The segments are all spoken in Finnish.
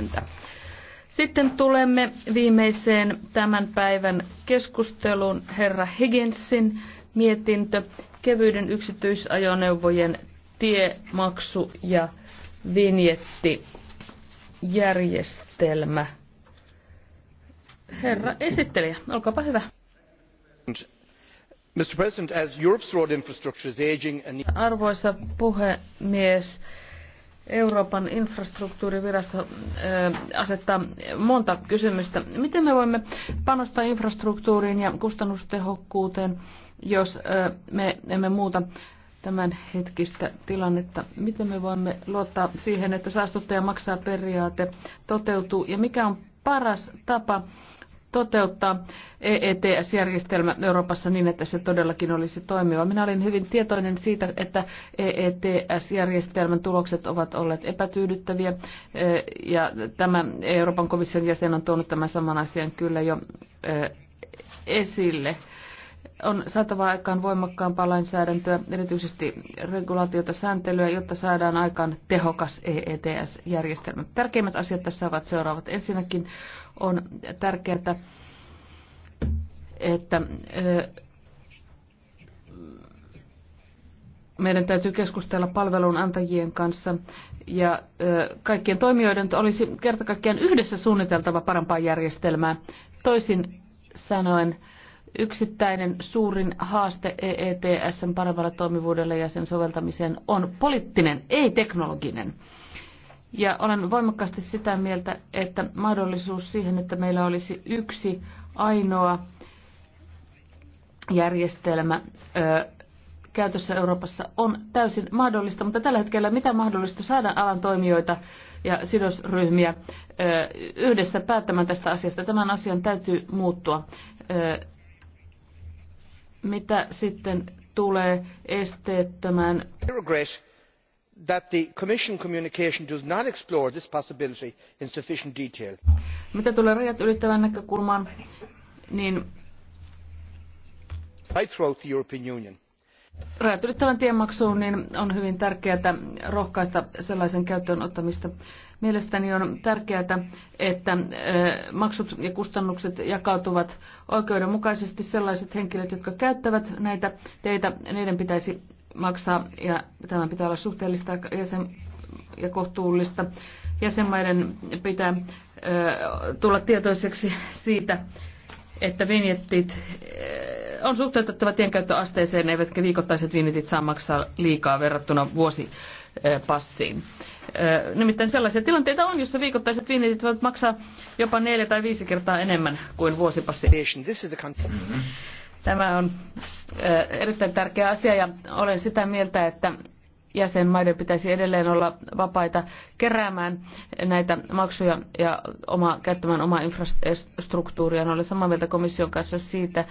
huomenta. Sitten tulemme viimeiseen tämän päivän keskusteluun herra Higginsin mietintö kevyiden yksityisajoneuvojen tiemaksu ja vinjettijärjestelmä. Herra esittelijä, olkaapa hyvä. Mr. President, as Europe's road infrastructure is aging and... Arvoisa puhemies, Euroopan infrastruktuurivirasto asettaa monta kysymystä. Miten me voimme panostaa infrastruktuuriin ja kustannustehokkuuteen, jos me emme muuta tämän hetkistä tilannetta? Miten me voimme luottaa siihen, että saastuttaja maksaa periaate toteutuu ja mikä on paras tapa toteuttaa EETS-järjestelmä Euroopassa niin, että se todellakin olisi toimiva. Minä olin hyvin tietoinen siitä, että EETS-järjestelmän tulokset ovat olleet epätyydyttäviä e, ja tämä Euroopan komission jäsen on tuonut tämän saman asian kyllä jo e, esille. On saatava aikaan voimakkaampaa lainsäädäntöä, erityisesti regulaatiota sääntelyä, jotta saadaan aikaan tehokas EETS-järjestelmä. Tärkeimmät asiat tässä ovat seuraavat. Ensinnäkin on tärkeää, että meidän täytyy keskustella palvelun antajien kanssa ja kaikkien toimijoiden olisi kertakaikkiaan yhdessä suunniteltava parempaa järjestelmää. Toisin sanoen, Yksittäinen suurin haaste EETSn paremmalle toimivuudelle ja sen soveltamiseen on poliittinen, ei teknologinen. Ja olen voimakkaasti sitä mieltä, että mahdollisuus siihen, että meillä olisi yksi ainoa järjestelmä ö, käytössä Euroopassa on täysin mahdollista, mutta tällä hetkellä mitä mahdollista saada alan toimijoita ja sidosryhmiä ö, yhdessä päättämään tästä asiasta. Tämän asian täytyy muuttua. Ö, mitä sitten tulee esteettömään I regret that the commission communication does not explore this possibility in sufficient detail. Mitä tulee rajat ylittävän näkökulmaan, niin throughout the European Union. Rajat ylittävän tiemaksuun niin on hyvin tärkeää rohkaista sellaisen käyttöön ottamista, Mielestäni on tärkeää, että maksut ja kustannukset jakautuvat oikeudenmukaisesti. Sellaiset henkilöt, jotka käyttävät näitä teitä, niiden pitäisi maksaa ja tämän pitää olla suhteellista ja kohtuullista. Jäsenmaiden pitää tulla tietoiseksi siitä, että vinjettit on suhteutettava tienkäyttöasteeseen, eivätkä viikoittaiset vinjetit saa maksaa liikaa verrattuna vuosipassiin. Nimittäin sellaisia tilanteita on, jossa viikoittaiset viinitit voivat maksaa jopa neljä tai viisi kertaa enemmän kuin vuosipassi. Tämä on erittäin tärkeä asia ja olen sitä mieltä, että jäsenmaiden pitäisi edelleen olla vapaita keräämään näitä maksuja ja oma, käyttämään omaa infrastruktuuria. Olen samaa mieltä komission kanssa siitä,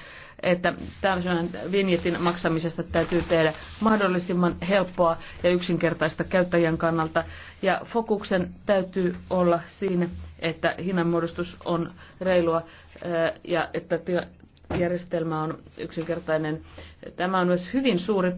että tämmöisen vinjetin maksamisesta täytyy tehdä mahdollisimman helppoa ja yksinkertaista käyttäjän kannalta. Ja fokuksen täytyy olla siinä, että hinnanmuodostus on reilua eh, ja että järjestelmä on yksinkertainen. Tämä on myös hyvin suuri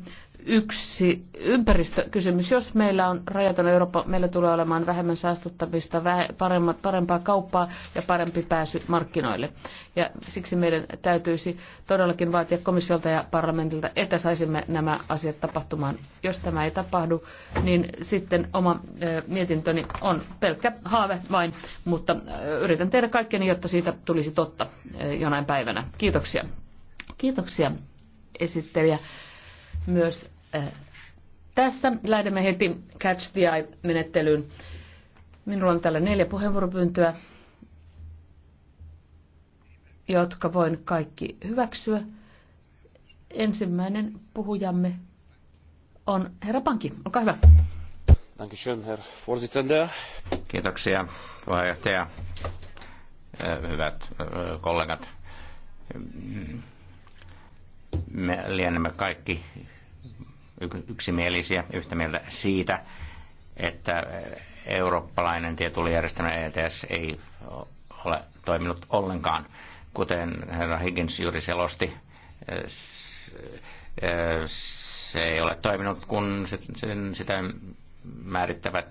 yksi ympäristökysymys. Jos meillä on rajaton Eurooppa, meillä tulee olemaan vähemmän saastuttamista, paremmat, parempaa kauppaa ja parempi pääsy markkinoille. Ja siksi meidän täytyisi todellakin vaatia komissiolta ja parlamentilta, että saisimme nämä asiat tapahtumaan. Jos tämä ei tapahdu, niin sitten oma mietintöni on pelkkä haave vain, mutta yritän tehdä kaikkeni, jotta siitä tulisi totta jonain päivänä. Kiitoksia. Kiitoksia esittelijä myös äh, tässä. Lähdemme heti Catch the Eye-menettelyyn. Minulla on täällä neljä puheenvuoropyyntöä, jotka voin kaikki hyväksyä. Ensimmäinen puhujamme on herra Pankki. Olkaa hyvä. Kiitoksia puheenjohtaja. Äh, hyvät äh, kollegat me lienemme kaikki yksimielisiä yhtä mieltä siitä, että eurooppalainen tietulijärjestelmä ETS ei ole toiminut ollenkaan, kuten herra Higgins juuri selosti. Se ei ole toiminut, kun sitä määrittävät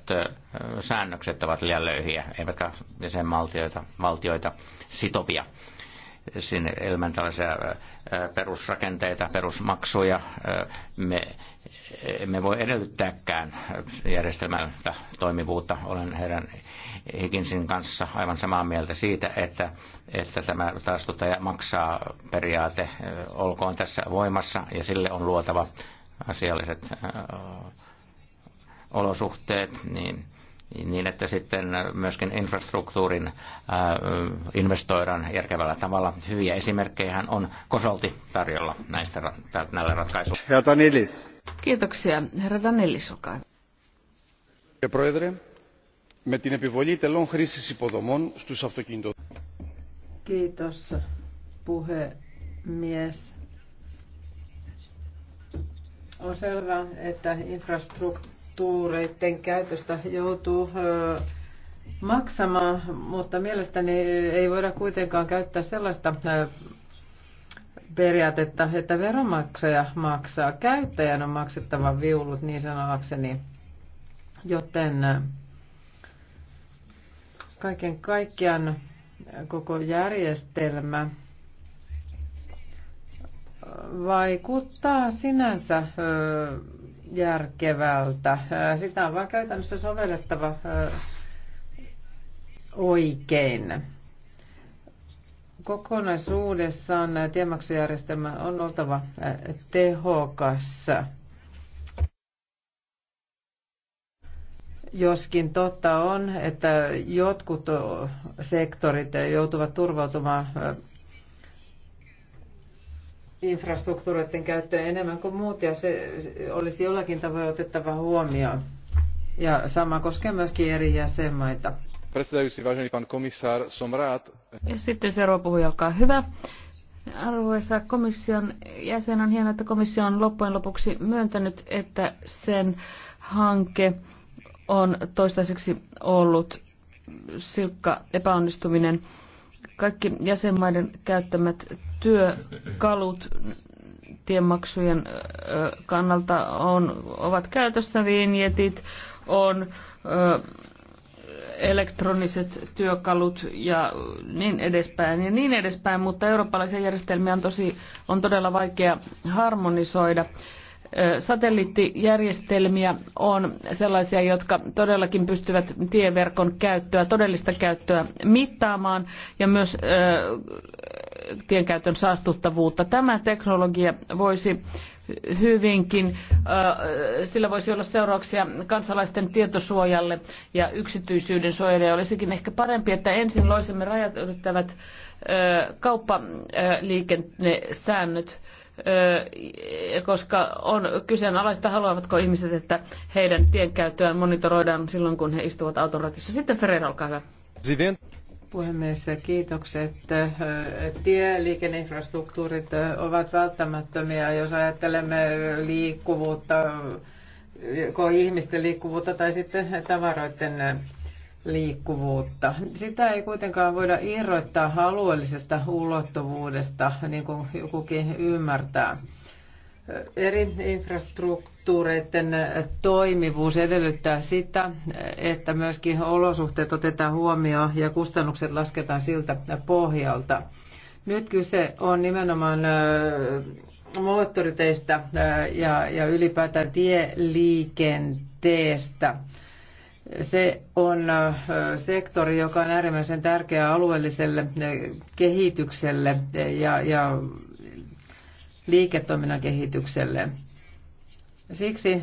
säännökset ovat liian löyhiä, eivätkä jäsenvaltioita valtioita sitovia sinne ilman tällaisia perusrakenteita, perusmaksuja. Me emme voi edellyttääkään järjestelmältä toimivuutta. Olen heidän Higginsin kanssa aivan samaa mieltä siitä, että, että tämä taastuttaja maksaa periaate olkoon tässä voimassa ja sille on luotava asialliset olosuhteet, niin – niin että sitten myöskin infrastruktuurin äh, investoidaan järkevällä tavalla. Hyviä esimerkkejä on kosolti tarjolla näistä, näillä ratkaisuilla. Herra Danilis. Kiitoksia. Herra Danilis, olkaa hyvä. Πρόεδρε, με την επιβολή τελών χρήσης υποδομών στους Kiitos, puhemies. On selvää, että infrastruktuuri tuureiden käytöstä joutuu maksamaan, mutta mielestäni ei voida kuitenkaan käyttää sellaista periaatetta, että veronmaksaja maksaa. Käyttäjän on maksettava viulut niin sanoakseni, joten kaiken kaikkiaan koko järjestelmä vaikuttaa sinänsä järkevältä. Sitä on vaan käytännössä sovellettava oikein. Kokonaisuudessaan tiemaksujärjestelmän on oltava tehokas. Joskin totta on, että jotkut sektorit joutuvat turvautumaan infrastruktuureiden käyttöä enemmän kuin muut ja se olisi jollakin tavoin otettava huomioon. Ja sama koskee myöskin eri jäsenmaita. Ja Sitten seuraava puhuja, olkaa hyvä. Arvoisa komission jäsen, on hienoa, että komissio on loppujen lopuksi myöntänyt, että sen hanke on toistaiseksi ollut silkka epäonnistuminen. Kaikki jäsenmaiden käyttämät työkalut tiemaksujen kannalta on, ovat käytössä vinjetit, on elektroniset työkalut ja niin edespäin ja niin edespäin, mutta eurooppalaisia järjestelmiä on, tosi, on todella vaikea harmonisoida. Satelliittijärjestelmiä on sellaisia, jotka todellakin pystyvät tieverkon käyttöä, todellista käyttöä mittaamaan ja myös tienkäytön saastuttavuutta. Tämä teknologia voisi hyvinkin, äh, sillä voisi olla seurauksia kansalaisten tietosuojalle ja yksityisyyden suojalle. Olisikin ehkä parempi, että ensin loisimme rajat ylittävät äh, kauppaliikennesäännöt äh, koska on kyseenalaista, haluavatko ihmiset, että heidän tienkäyttöään monitoroidaan silloin, kun he istuvat auton ratissa. Sitten Ferreira, olkaa hyvä. Puhemies, kiitokset. Tieliikenneinfrastruktuurit ovat välttämättömiä, jos ajattelemme liikkuvuutta, joko ihmisten liikkuvuutta tai sitten tavaroiden liikkuvuutta. Sitä ei kuitenkaan voida irrottaa alueellisesta ulottuvuudesta, niin kuin jokukin ymmärtää eri infrastruktuureiden toimivuus edellyttää sitä, että myöskin olosuhteet otetaan huomioon ja kustannukset lasketaan siltä pohjalta. Nyt kyse on nimenomaan moottoriteistä ja, ylipäätään tieliikenteestä. Se on sektori, joka on äärimmäisen tärkeä alueelliselle kehitykselle ja, ja liiketoiminnan kehitykselle. Siksi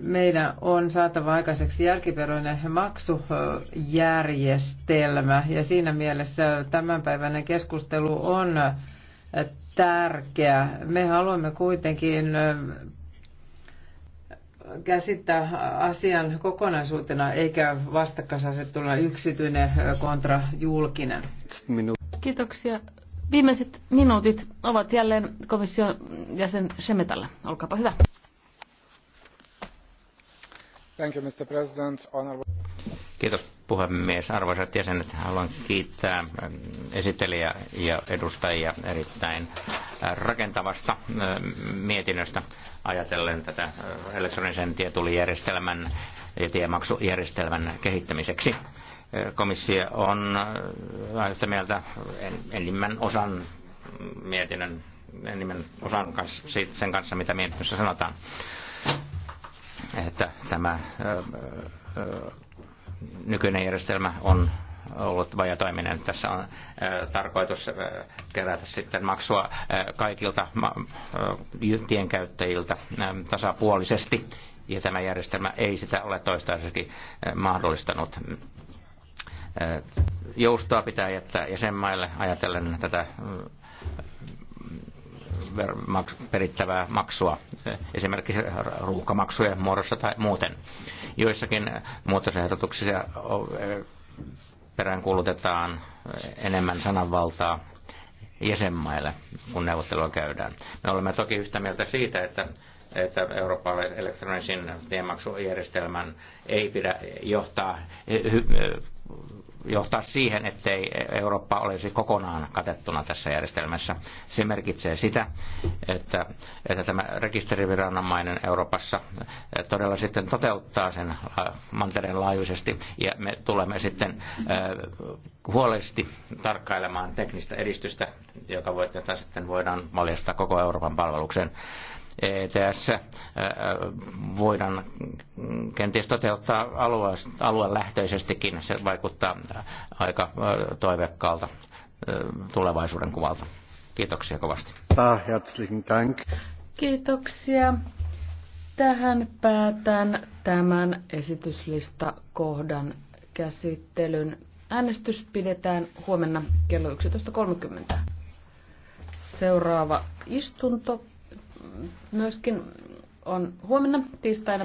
meidän on saatava aikaiseksi järkiperäinen maksujärjestelmä ja siinä mielessä tämänpäiväinen keskustelu on tärkeä. Me haluamme kuitenkin käsittää asian kokonaisuutena eikä vastakkaisasettuna yksityinen kontra julkinen. Kiitoksia. Viimeiset minuutit ovat jälleen komission jäsen Shemetalla. Olkaapa hyvä. Thank you, Mr. President. Honorable... Kiitos puhemies. Arvoisat jäsenet, haluan kiittää ähm, esittelijä ja edustajia erittäin äh, rakentavasta äh, mietinnöstä ajatellen tätä äh, elektronisen tietulijärjestelmän ja tiemaksujärjestelmän kehittämiseksi komissio on äh, yhtä mieltä enimmän osan mietinnön enimmän osan kanssa, sen kanssa, mitä mietinnössä sanotaan. Että tämä äh, äh, nykyinen järjestelmä on ollut vajatoiminen. Tässä on tarkoitus kerätä sitten maksua kaikilta tienkäyttäjiltä tasapuolisesti, ja tämä järjestelmä ei sitä ole toistaiseksi mahdollistanut. Joustoa pitää jättää jäsenmaille ajatellen tätä mm, mm, perittävää maksua, esimerkiksi ruuhkamaksujen muodossa tai muuten. Joissakin muutosehdotuksissa peräänkuulutetaan enemmän sananvaltaa jäsenmaille, kun neuvottelua käydään. Me olemme toki yhtä mieltä siitä, että että Euroopan elektronisen tiemaksujärjestelmän ei pidä johtaa johtaa siihen, ettei Eurooppa olisi kokonaan katettuna tässä järjestelmässä. Se merkitsee sitä, että, että tämä rekisteriviranomainen Euroopassa todella sitten toteuttaa sen mantereen laajuisesti ja me tulemme sitten äh, huolellisesti tarkkailemaan teknistä edistystä, joka voi, jota sitten voidaan valjastaa koko Euroopan palvelukseen. ETS voidaan kenties toteuttaa aluelähtöisestikin. Se vaikuttaa aika toivekkaalta tulevaisuuden kuvalta. Kiitoksia kovasti. Kiitoksia. Tähän päätän tämän kohdan käsittelyn. Äänestys pidetään huomenna kello 11.30. Seuraava istunto myöskin on huomenna tiistaina